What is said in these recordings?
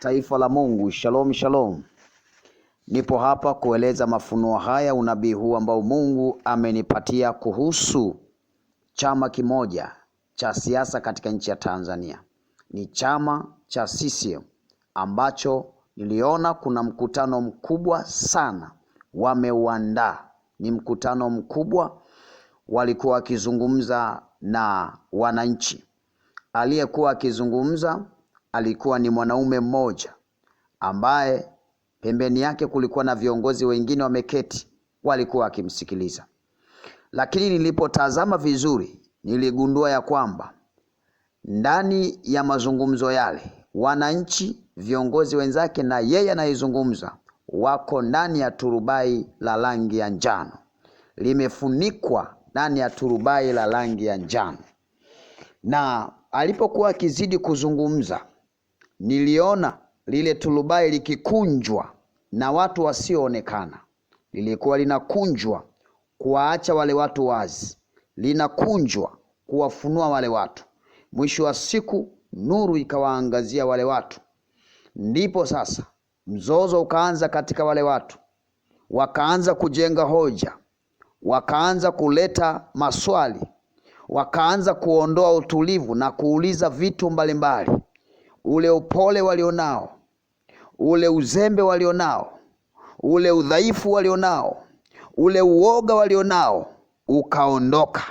Taifa la Mungu, shalom shalom. Nipo hapa kueleza mafunuo haya, unabii huu ambao Mungu amenipatia kuhusu chama kimoja cha siasa katika nchi ya Tanzania. Ni chama cha CCM ambacho niliona kuna mkutano mkubwa sana wameuandaa. Ni mkutano mkubwa, walikuwa wakizungumza na wananchi. Aliyekuwa akizungumza alikuwa ni mwanaume mmoja ambaye pembeni yake kulikuwa na viongozi wengine wameketi, walikuwa wakimsikiliza. Lakini nilipotazama vizuri, niligundua ya kwamba ndani ya mazungumzo yale, wananchi, viongozi wenzake na yeye anayezungumza wako ndani ya turubai la rangi ya njano, limefunikwa ndani ya turubai la rangi ya njano. Na alipokuwa akizidi kuzungumza niliona lile tulubai likikunjwa na watu wasioonekana. Lilikuwa linakunjwa kuwaacha wale watu wazi, linakunjwa kuwafunua wale watu. Mwisho wa siku nuru ikawaangazia wale watu, ndipo sasa mzozo ukaanza katika wale watu, wakaanza kujenga hoja, wakaanza kuleta maswali, wakaanza kuondoa utulivu na kuuliza vitu mbalimbali mbali ule upole walionao, ule uzembe walionao, ule udhaifu walionao, ule uoga walionao ukaondoka.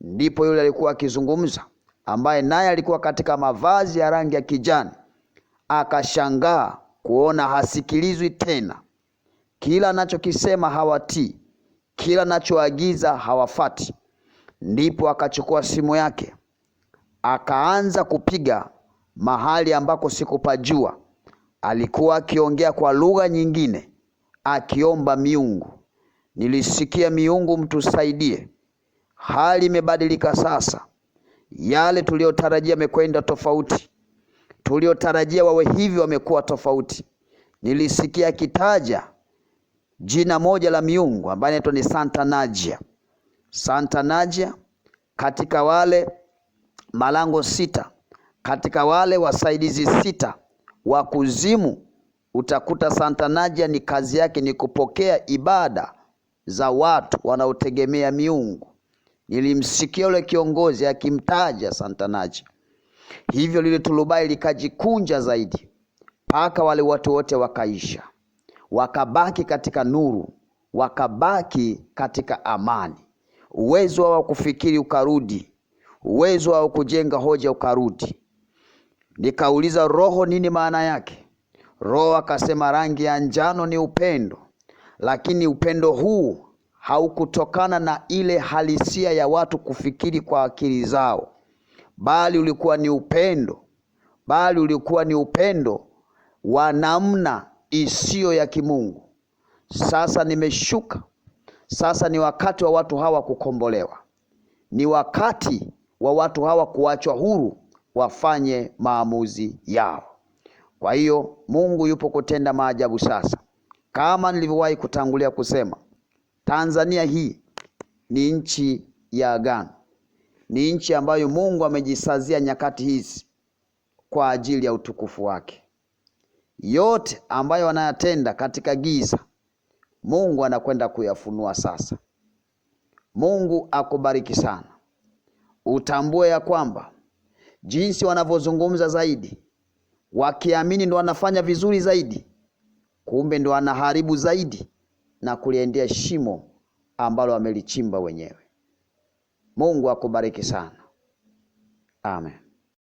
Ndipo yule alikuwa akizungumza, ambaye naye alikuwa katika mavazi ya rangi ya kijani, akashangaa kuona hasikilizwi tena. Kila anachokisema hawatii, kila anachoagiza hawafati. Ndipo akachukua simu yake akaanza kupiga mahali ambako sikupajua. Alikuwa akiongea kwa lugha nyingine, akiomba miungu. Nilisikia, miungu mtusaidie, hali imebadilika sasa. Yale tuliyotarajia amekwenda tofauti, tuliotarajia wawe hivi wamekuwa tofauti. Nilisikia akitaja jina moja la miungu ambaye anaitwa ni Santa Nagia. Santa Nagia katika wale malango sita katika wale wasaidizi sita wa kuzimu utakuta Santanaja ni kazi yake ni kupokea ibada za watu wanaotegemea miungu. Nilimsikia yule kiongozi akimtaja Santanaja, hivyo lile tulubai likajikunja zaidi mpaka wale watu wote wakaisha, wakabaki katika nuru, wakabaki katika amani. Uwezo wao kufikiri ukarudi, uwezo wao kujenga hoja ukarudi. Nikauliza, roho nini maana yake? Roho akasema, rangi ya njano ni upendo, lakini upendo huu haukutokana na ile halisia ya watu kufikiri kwa akili zao, bali ulikuwa ni upendo, bali ulikuwa ni upendo wa namna isiyo ya kimungu. Sasa nimeshuka, sasa ni wakati wa watu hawa kukombolewa, ni wakati wa watu hawa kuachwa huru wafanye maamuzi yao. Kwa hiyo Mungu yupo kutenda maajabu sasa. Kama nilivyowahi kutangulia kusema, Tanzania hii ni nchi ya agano, ni nchi ambayo Mungu amejisazia nyakati hizi kwa ajili ya utukufu wake. Yote ambayo wanayatenda katika giza, Mungu anakwenda kuyafunua sasa. Mungu akubariki sana, utambue ya kwamba jinsi wanavyozungumza zaidi, wakiamini ndo wanafanya vizuri zaidi, kumbe ndo wanaharibu zaidi na kuliendea shimo ambalo wamelichimba wenyewe. Mungu akubariki sana, amen.